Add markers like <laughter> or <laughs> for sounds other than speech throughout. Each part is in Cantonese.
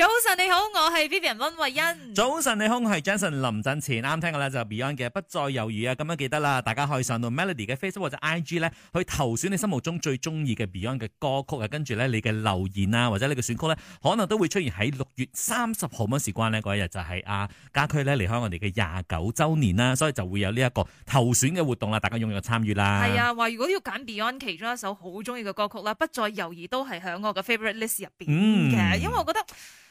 早晨你好，我係 Vivian 溫慧欣。早晨你好，我係 Johnson 林振前。啱聽嘅咧就 Beyond 嘅不再猶豫啊，咁樣記得啦，大家可以上到 Melody 嘅 Facebook 或者 IG 咧去投選你心目中最中意嘅 Beyond 嘅歌曲啊，跟住咧你嘅留言啊或者你嘅選曲咧，可能都會出現喺六月三十號，乜事關呢嗰一日就係家駒咧離開我哋嘅廿九周年啦，所以就會有呢一個投選嘅活動啦，大家踴躍參與啦。係啊，話如果要揀 Beyond 其中一首好中意嘅歌曲啦，不再猶豫都係響我嘅 Favorite List 入邊嘅，因為我覺得。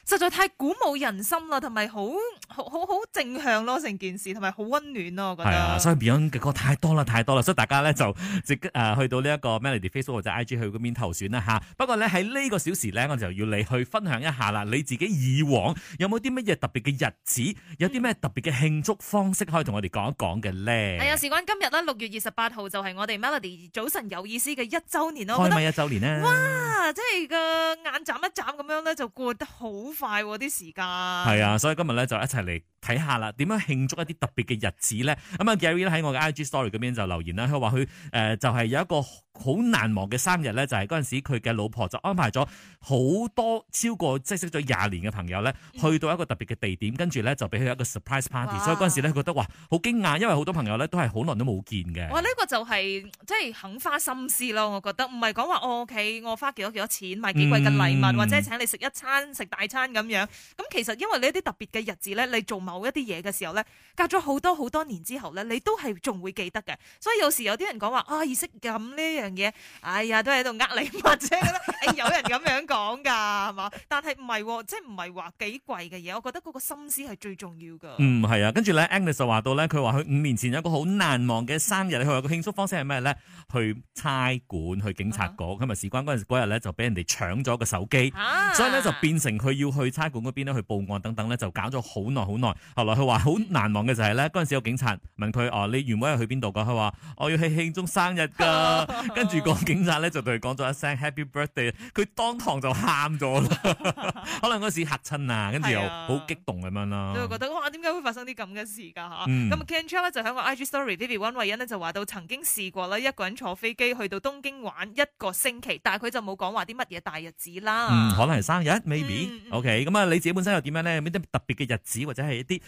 實在太鼓舞人心啦，同埋好好好好正向咯，成件事同埋好溫暖咯，我覺得。係啊，所以 Beyond 嘅歌太多啦，太多啦，所以大家咧就即誒、呃、去到呢一個 Melody Facebook 或者 IG 去嗰邊投選啦嚇。不過咧喺呢在這個小時咧，我就要你去分享一下啦，你自己以往有冇啲乜嘢特別嘅日子，有啲咩特別嘅慶祝方式可以同我哋講一講嘅咧？係、哎、啊，事關今天呢日啦，六月二十八號就係我哋 Melody 早晨有意思嘅一週年咯。開咪一週年咧？哇，即係個眼眨一眨咁樣咧，就過得好～快喎啲時間，係啊，所以今日咧就一齊嚟睇下啦，點樣慶祝一啲特別嘅日子咧？咁、嗯、啊 Gary 咧喺我嘅 IG story 嗰邊就留言啦，佢話佢誒就係、是、有一個好難忘嘅生日咧，就係嗰陣時佢嘅老婆就安排咗好多超過即係識咗廿年嘅朋友咧，去到一個特別嘅地點，跟住咧就俾佢一個 surprise party。所以嗰陣時咧覺得哇，好驚訝，因為好多朋友咧都係好耐都冇見嘅。哇！呢、這個就係、是、即係肯花心思咯，我覺得唔係講話我屋企我花幾多幾多錢買幾貴嘅禮物，嗯、或者請你食一餐食大餐咁樣。咁其實因為呢一啲特別嘅日子咧，你做某一啲嘢嘅時候咧，隔咗好多好多年之後咧，你都係仲會記得嘅。所以有時有啲人講話啊，意識咁呢樣。嘢，哎呀，都喺度呃你，或者咧，有人咁樣講噶，係 <laughs> 嘛？但係唔係，即係唔係話幾貴嘅嘢，我覺得嗰個心思係最重要噶。嗯，係啊，跟住咧，Alice 就話到咧，佢話佢五年前有一個好難忘嘅生日，佢話個慶祝方式係咩咧？去差館，去警察局，咁啊事關嗰陣日咧，就俾人哋搶咗個手機，啊，所以咧就變成佢要去差館嗰邊咧去報案，等等咧就搞咗好耐好耐。後來佢話好難忘嘅就係、是、咧，嗰 <laughs> 陣時有警察問佢哦、啊，你原本係去邊度噶？佢話我要去慶祝生日噶。 <laughs> 跟住個警察咧就對佢講咗一聲 Happy Birthday，佢當堂就喊咗啦， <laughs> <laughs> 可能嗰時嚇親啊，跟住又好激動咁樣啦。都會覺得哇，點解會發生啲咁嘅事㗎嚇？咁、嗯、Kencho 就喺個 IG Story，B、mm. aby One 唯一就話到曾經試過啦，一個人坐飛機去到東京玩一個星期，但係佢就冇講話啲乜嘢大日子啦。嗯，可能係生日，maybe、mm.。OK，咁啊，你自己本身又點樣咧？有冇啲特別嘅日子或者係一啲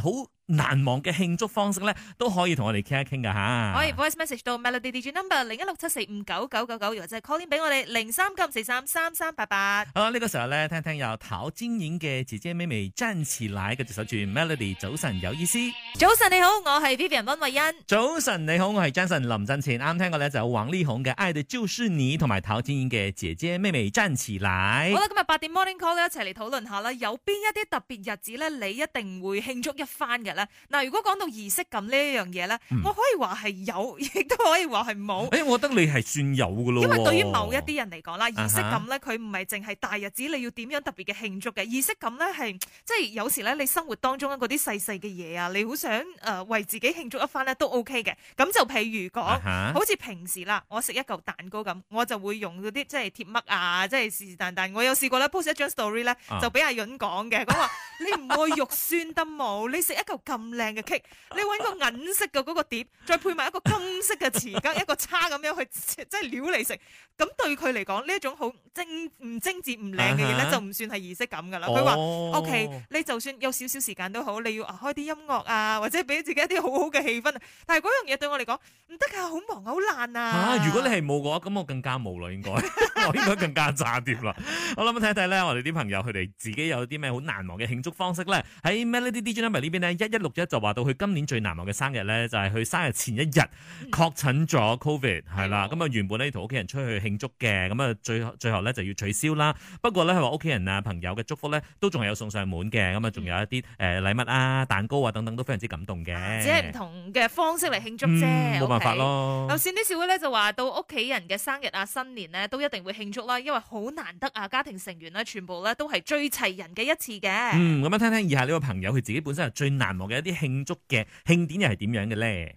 好、呃、難忘嘅慶祝方式咧，都可以同我哋傾一傾㗎吓？可、okay，以 Voice Message 到 Melody D J Number 零一六七，四五九九九九，或者 call in 俾我哋零三九四三三三八八。好啦，呢、這個時候咧，聽聽有陶晶瑩嘅姐姐妹妹站起來，佢就守住 melody。早晨有意思，早晨你好，我係 Vivian 温慧欣。早晨你好，我係 Johnson 林振前。啱啱聽過咧就王力宏嘅愛的就是你，同埋陶晶瑩嘅姐姐妹妹站起來。好啦，今日八點 morning call 一齊嚟討論下啦，有邊一啲特別日子咧，你一定會慶祝一番嘅咧？嗱，如果講到儀式感呢一樣嘢咧、嗯，我可以話係有，亦都可以話係冇。誒、欸，我得。你係算有嘅咯，因為對於某一啲人嚟講啦，儀式感咧，佢唔係淨係大日子你要點樣特別嘅慶祝嘅，儀式感咧係即係有時咧，你生活當中嗰啲細細嘅嘢啊，你好想誒為自己慶祝一番咧都 OK 嘅。咁就譬如講、啊，好似平時啦，我食一嚿蛋糕咁，我就會用嗰啲即係貼乜啊，即係是是但但。我有試過咧，post 一張 story 咧，就俾阿潤講嘅，佢話、啊、你唔會肉酸得冇， <laughs> 你食一嚿咁靚嘅 cake，你揾個銀色嘅嗰個碟，再配埋一個金色嘅匙羹，一個叉咁樣去。 <laughs> 即係料嚟食，咁對佢嚟講呢一種好精唔精致唔靚嘅嘢咧，就唔算係儀式感噶啦。佢話：OK，你就算有少少時間都好，你要開啲音樂啊，或者俾自己一啲好好嘅氣氛啊。但係嗰樣嘢對我嚟講唔得噶，好忙好爛啊！如果你係冇嘅話，咁我應該更加冇啦，應 <laughs> 該我應該更加炸碟啦。我諗睇一睇咧，我哋啲朋友佢哋自己有啲咩好難忘嘅慶祝方式咧？喺 Melody DJ 呢邊呢，一一六一就話到佢今年最難忘嘅生日咧，就係、是、佢生日前一日確診咗 COVID，係啦，mm-hmm。嗱，咁啊，原本咧要同屋企人出去慶祝嘅，咁啊，最最後咧就要取消啦。不過咧，佢話屋企人啊、朋友嘅祝福咧，都仲係有送上門嘅。咁啊，仲有一啲誒禮物啊、蛋糕啊等等，都非常之感動嘅。只係唔同嘅方式嚟慶祝啫，冇、嗯、辦法咯。頭先啲小會咧就話到屋企人嘅生日啊、新年咧，都一定會慶祝啦，因為好難得啊，家庭成員咧全部咧都係最齊人嘅一次嘅。嗯，咁樣，聽聽以下呢個朋友佢自己本身係最難忘嘅一啲慶祝嘅慶典又係點樣嘅咧？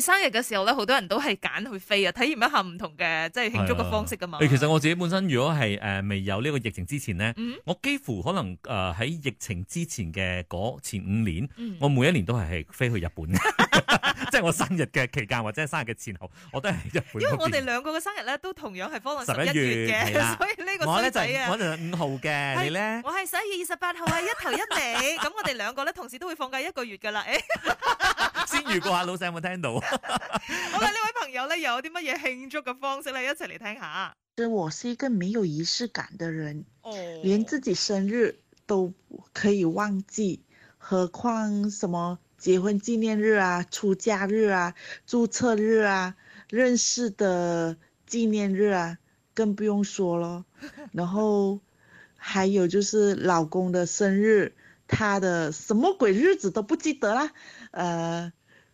生日嘅時候咧，好多人都係揀去飛啊，體驗一下唔同嘅即係慶祝嘅方式噶嘛。其實我自己本身如果係誒未有呢個疫情之前咧、嗯，我幾乎可能誒喺疫情之前嘅嗰前五年、嗯，我每一年都係係飛去日本嘅，即 <laughs> 係 <laughs> 我生日嘅期間或者係生日嘅前後，我都係日本。因為我哋兩個嘅生日咧都同樣係放喺十一月嘅，所以個仔呢個我咧就我係五號嘅，你咧我係十一月二十八號啊，一頭一尾，咁 <laughs> 我哋兩個咧同時都會放假一個月噶啦，誒。 <laughs> 先語過 Hello，啊，啊，啊，啊，老細有冇聽到？好啦，呢位朋友呢，有啲乜嘢慶祝嘅方式呢？一齊嚟聽下。我是一個沒有儀式感的人，哦，連自己生日都可以忘記，何況什麼結婚紀念日啊、出嫁日啊、注冊日啊、認識的紀念日啊，更不用說咯。 <laughs> 然後還有就是老公的生日，他的什麼鬼日子都不記得啦，呃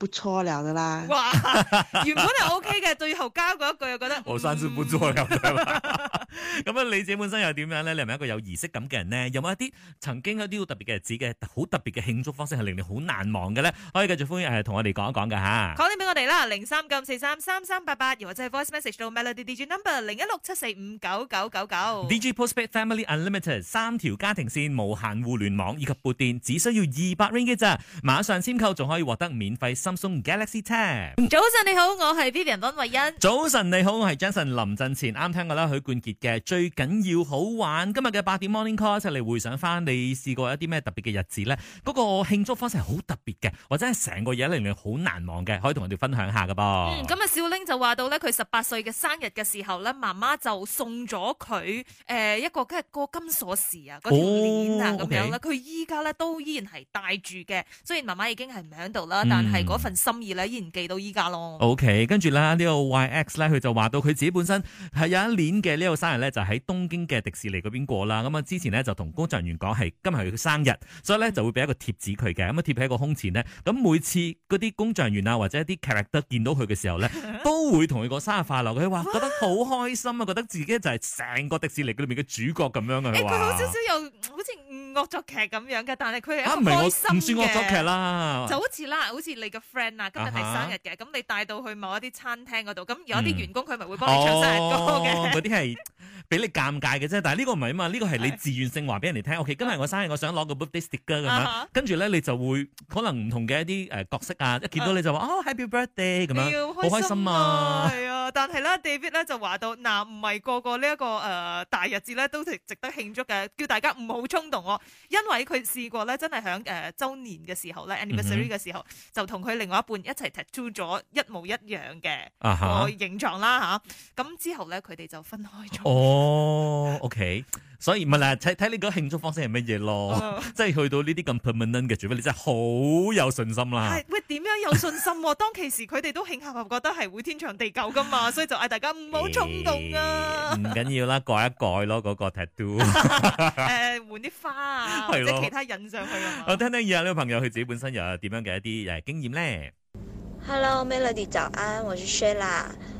不錯了啦，哇！原本係 O K 嘅，最後加嗰一句又覺得我算是不錯咁啦。咁啊，你自己本身又點樣咧？你係咪一個有儀式感嘅人呢？有冇一啲曾經有啲好特別嘅日子嘅好特別嘅慶祝方式係令你好難忘嘅咧？可以繼續歡迎同我哋講一講噶吓。call 返俾我哋啦，零三九四三三三八八，又或者係 voice message 到 melody DJ number 零一六七四五九九九九。DJ prospect family unlimited，三條家庭線無限互聯網以及撥電，只需要二百 ring 嘅咋？馬上簽購仲可以獲得免費 Samsung Galaxy Tab。早晨你好，我係 Vivian 溫惠欣。早晨你好，我係 Jason 林振前。啱聽過啦，許冠傑嘅最緊要好玩。今日嘅八點 Morning Call，一齊嚟回想翻你試過一啲咩特別嘅日子咧？嗰個慶祝方式係好特別嘅，或者係成個嘢令你好難忘嘅，可以同人哋分享下噶噃。咁、嗯、啊，小玲就話到咧，佢十八歲嘅生日嘅時候咧，媽媽就送咗佢誒一個即係個金鎖匙啊，嗰條鏈啊咁樣咧。佢依家咧都依然係戴住嘅。雖然媽媽已經係唔喺度啦，但係份心意咧，依然記到依家咯。OK，跟住啦，呢、這個 YX 咧，佢就話到佢自己本身係有一年嘅呢個生日咧，就喺、是、東京嘅迪士尼嗰邊過啦。咁啊，之前咧就同工作人員講，係今日係佢嘅生日，所以咧就會俾一個貼紙佢嘅。咁啊，貼喺個胸前咧。咁每次嗰啲工作人員啊，或者一啲 character 見到佢嘅時候咧， <laughs> 都會同佢講生日快樂。佢話覺得好開心啊，覺得自己就係成個迪士尼裏面嘅主角咁樣，佢話、欸、好少少有，有好似。惡作劇咁樣嘅，但係佢係開心嘅，唔、啊、算惡作劇啦。就好似啦，好似你個 friend 啊，今日係生日嘅，咁、uh -huh. 你帶到去某一啲餐廳嗰度，咁、uh -huh. 有啲員工佢咪會幫你唱生日歌嘅。嗰啲係俾你尷尬嘅啫， <laughs> 但係呢個唔係啊嘛，呢、這個係你自願性話俾人哋聽。Uh -huh. O、okay, K，今日我生日，我想攞個 birthday girl 咁樣，跟住咧你就會可能唔同嘅一啲誒角色啊，一見到你就話啊、uh -huh. 哦、Happy birthday 咁樣，好、uh -huh. 開心啊！係、哎、啊，但係咧 David 咧就話到嗱，唔、呃、係個個呢、這、一個誒、呃、大日子咧都值得慶祝嘅，叫大家唔好衝動哦、啊。因為佢試過咧，真係喺誒周年嘅時候咧、嗯、，anniversary 嘅時候就同佢另外一半一齊 tattoo 咗一模一樣嘅個形狀啦吓，咁、啊啊、之後咧佢哋就分開咗、哦。哦 <laughs> ，OK。所以唔係啦，睇睇你個慶祝方式係乜嘢咯，uh, 即係去到呢啲咁 permanent 嘅，除非你真係好有信心啦。係喂，點樣有信心、啊？ <laughs> 當其時佢哋都慶幸，又覺得係會天長地久噶嘛，所以就嗌大家唔好衝動啊。唔緊要啦，改一改咯，嗰、那個 tattoo、 <laughs> <laughs> 呃、換啲花啊， <laughs> 或者其他印上去。我聽聽以下呢個朋友佢自己本身又有點樣嘅一啲誒經驗咧。Hello Melody，早安，我是 Shila。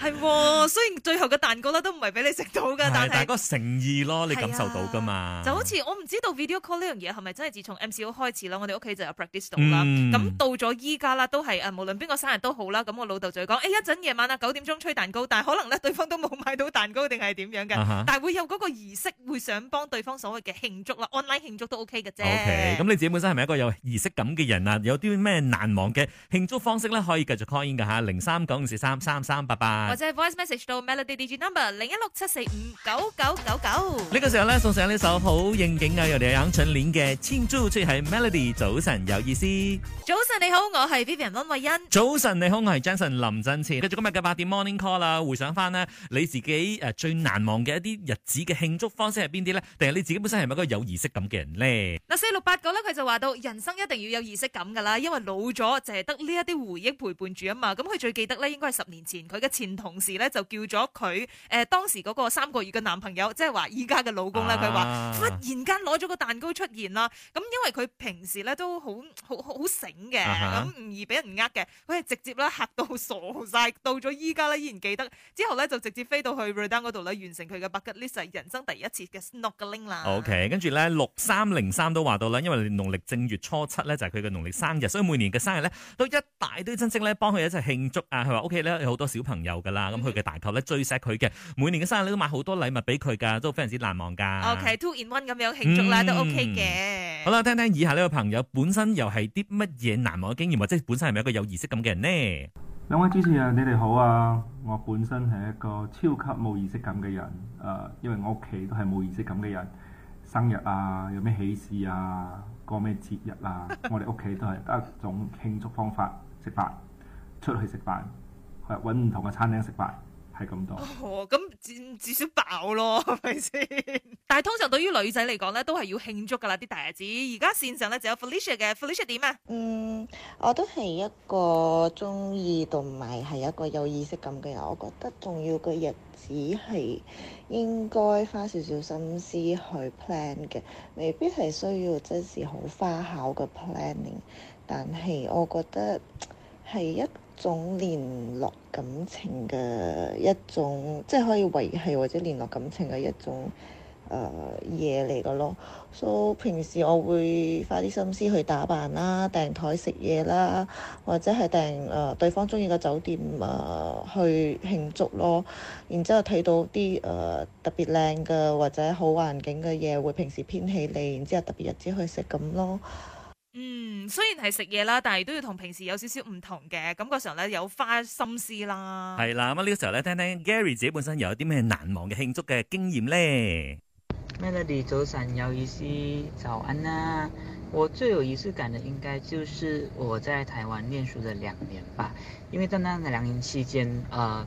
係喎，雖然最後嘅蛋糕咧都唔係俾你食到嘅，但係大哥誠意咯，你感受到噶嘛？就好似我唔知道 video call 呢樣嘢係咪真係自從 MCO 開始啦，我哋屋企就有 practice 到啦。咁到咗依家啦，都係誒無論邊個生日都好啦，咁我老豆就會講：誒一陣夜晚啊九點鐘吹蛋糕，但係可能咧對方都冇買到蛋糕定係點樣嘅？但係會有嗰個儀式，會想幫對方所謂嘅慶祝啦，online 慶祝都 O K 嘅啫。O K，咁你自己本身係咪一個有儀式感嘅人啊？有啲咩難忘嘅慶祝方式咧，可以繼續 call in 嘅嚇，零三九五三三三八八。或者係 voice message 到 melody digit number 零一六七四五九九九九。呢個時候咧，送上呢首好應景嘅由李昂純蓮嘅《千株》，即係 melody 早晨有意思。早晨你好，我係 Vivian 溫慧欣。早晨你好，我係 Jason 林振前。繼續今日嘅八點 morning call 啦，回想翻咧你自己誒最難忘嘅一啲日子嘅慶祝方式係邊啲咧？定係你自己本身係咪一個有儀式感嘅人咧？嗱四六八九咧佢就話到人生一定要有儀式感噶啦，因為老咗淨係得呢一啲回憶陪伴住啊嘛。咁佢最記得咧應該係十年前佢嘅前。同時咧就叫咗佢誒當時嗰個三個月嘅男朋友，即係話依家嘅老公咧。佢、啊、話忽然間攞咗個蛋糕出現啦。咁因為佢平時咧都好好好醒嘅，咁、啊、唔易俾人呃嘅，佢係直接咧嚇到傻晒。到咗依家咧依然記得。之後咧就直接飛到去 r e d a n 嗰度咧，完成佢嘅 bucket list 人生第一次嘅 snorkeling 啦。OK，跟住咧六三零三都話到啦，因為農曆正月初七咧就係佢嘅農曆生日， <laughs> 所以每年嘅生日咧都一大堆親戚咧幫佢一齊慶祝啊。佢話屋企咧有好多小朋友。啦，咁佢嘅大舅咧最錫佢嘅，每年嘅生日你都買好多禮物俾佢噶，都非常之難忘噶。OK，two in one 咁樣慶祝啦、嗯，都 OK 嘅。好啦，聽聽以下呢個朋友本身又係啲乜嘢難忘嘅經驗，或者本身係咪一個有儀式感嘅人呢？兩位主持人，你哋好啊！我本身係一個超級冇儀式感嘅人，誒、呃，因為我屋企都係冇儀式感嘅人。生日啊，有咩喜事啊，過咩節日啊， <laughs> 我哋屋企都係一種慶祝方法，食飯出去食飯。誒搵唔同嘅餐廳食飯係咁多，哦咁至至少爆咯，係咪先？ <laughs> 但係通常對於女仔嚟講咧，都係要慶祝㗎啦啲大日子。而家線上咧就有 Felicia 嘅 Felicia 點啊？嗯，我都係一個中意同埋係一個有意識感嘅人。我覺得重要嘅日子係應該花少少心思去 plan 嘅，未必係需要真係好花巧嘅 planning。但係我覺得係一個。種聯絡感情嘅一種，即、就、係、是、可以維繫或者聯絡感情嘅一種誒嘢嚟嘅咯。So，平時我會花啲心思去打扮啦、訂台食嘢啦，或者係訂誒、呃、對方中意嘅酒店誒、呃、去慶祝咯。然之後睇到啲誒、呃、特別靚嘅或者好環境嘅嘢，會平時編起嚟。然之後特別日子去食咁咯。嗯，雖然係食嘢啦，但係都要同平時有少少唔同嘅，感覺上咧有花心思啦。係啦，咁呢、呢個時候咧，聽聽 Gary 自己本身有啲咩難忘嘅慶祝嘅經驗咧。Melody，早晨有意思，早，早安啦、啊。我最有儀式感嘅應該就是我在台灣念書的兩年吧，因為在那兩年期間，呃。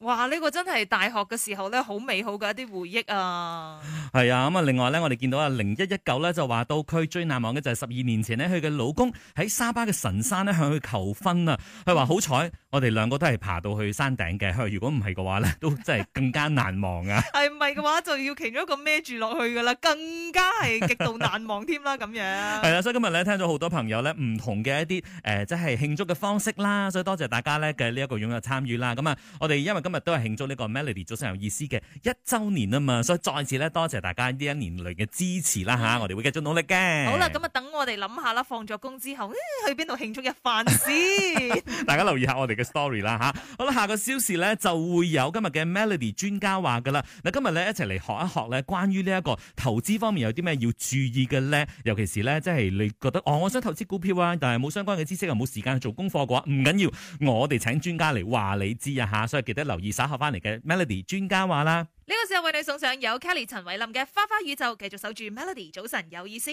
哇！呢個真係大學嘅時候咧，好美好嘅一啲回憶啊。係啊，咁啊，另外咧，我哋見到啊，零一一九咧就話到佢最難忘嘅就係十二年前呢，佢嘅老公喺沙巴嘅神山咧 <laughs> 向佢求婚啊。佢話好彩，我哋兩個都係爬到去山頂嘅。佢如果唔係嘅話咧，都真係更加難忘啊。係唔係嘅話就要其中一個孭住落去噶啦，更加係極度難忘添啦。咁樣係啦，所以今日咧聽咗好多朋友咧唔同嘅一啲誒，即係慶祝嘅方式啦。所以多謝大家咧嘅呢一個踴躍參與啦。咁啊，我哋因為。今日都係慶祝呢個 Melody 早晨有意思嘅一周年啊嘛，所以再次咧多謝大家呢一年嚟嘅支持啦吓，我哋會繼續努力嘅。好啦，咁啊等我哋諗下啦，放咗工之後去邊度慶祝一番先？ <laughs> 大家留意一下我哋嘅 story 啦吓。好啦，下個消息咧就會有今日嘅 Melody 專家話噶啦。嗱，今日咧一齊嚟學一學咧關於呢一個投資方面有啲咩要注意嘅咧？尤其是咧即係你覺得哦，我想投資股票啊，但係冇相關嘅知識又冇時間去做功課嘅話，唔緊要，我哋請專家嚟話你知啊吓，所以記得留。留意稍後翻嚟嘅 Melody 專家話啦，呢、這個時候為你送上由 Kelly 陳慧琳嘅花花宇宙，繼續守住 Melody，早晨有意思。